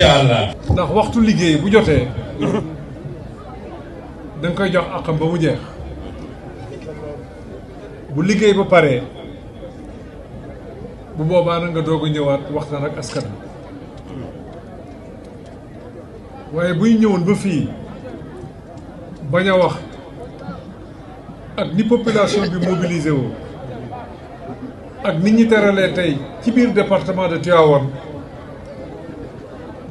yàlla ndax waxtu liggéey bu jotee da nga koy jox akam ba mu jeex bu liggéey ba paree bu boobaa na nga doog a ñëwaat waxtaan ak askan waaye buy ñëwoon ba fii wax ak ni population bi ak nit ñi ci biir département de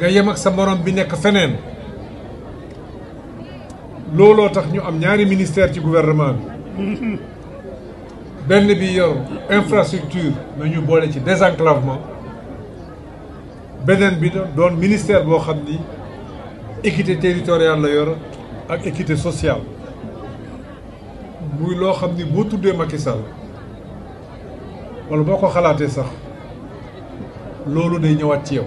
nga yem ak sa morom bi nek fenen lolo tax ñu am ñaari ministère ci gouvernement bi benn bi yor infrastructure na ñu bolé ci désenclavement benen bi doon ministère bo xamni équité territoriale la yor ak équité sociale muy lo xamni bo tuddé tuddee Macky Sall wala boko xalaté sax lolu day ñëwaat ci yow.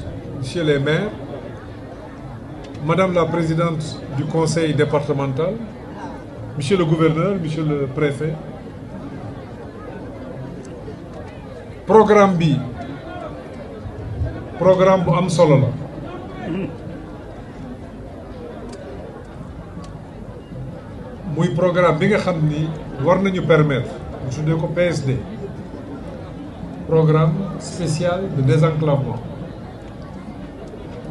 Monsieur les maires, Madame la présidente du conseil départemental, Monsieur le gouverneur, Monsieur le préfet, programme B, programme am programme B, permettre Je PSD programme spécial de désenclavement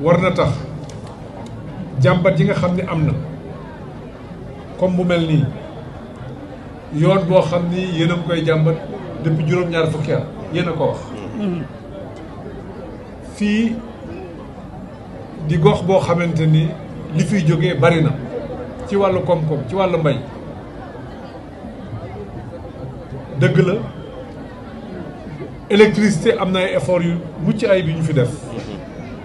Warna tax jambat yi nga xamni amna comme bu melni yoon bo xamni yeena koy jambat depuis juroom ñaar fukki at yeena ko wax fi di gox bo xamanteni li fi jógee bari na ci walu kom kom ci walu mbay deug la électricité amna effort yu mucc ay biñu fi def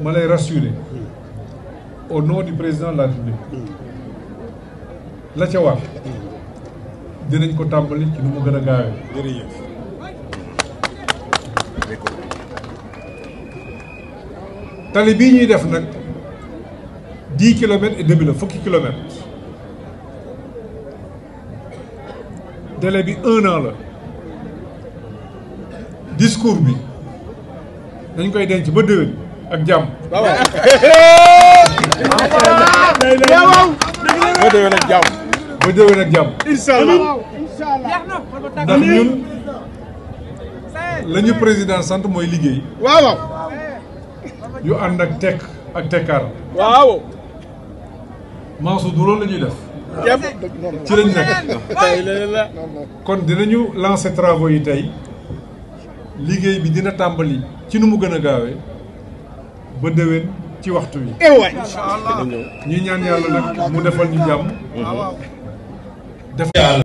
Je rassurer rassuré au nom du président de la République. La Tchawa, mmh. il qui nous a gagné. Il a 10 km et 2000, km. Il y a un an. Le discours, il y a un ak jàmm. waaw waaw. ba déwén ak jàmm. ba déwén ak jàmm. incha allah ndax président sant mooy liggéey. waaw yu ànd ak tekk ak tekkaar. waaw. Mansour du def. ci lañ nekk. kon dinañu lancé travaux yi tey liggéey bi dina tàmbali ci nu mu gën a gaawee. ba déwén ci waxtu wi. Eh incha ñu ñaan yàlla nag mu defal ñu jàmm. Mm-hmm.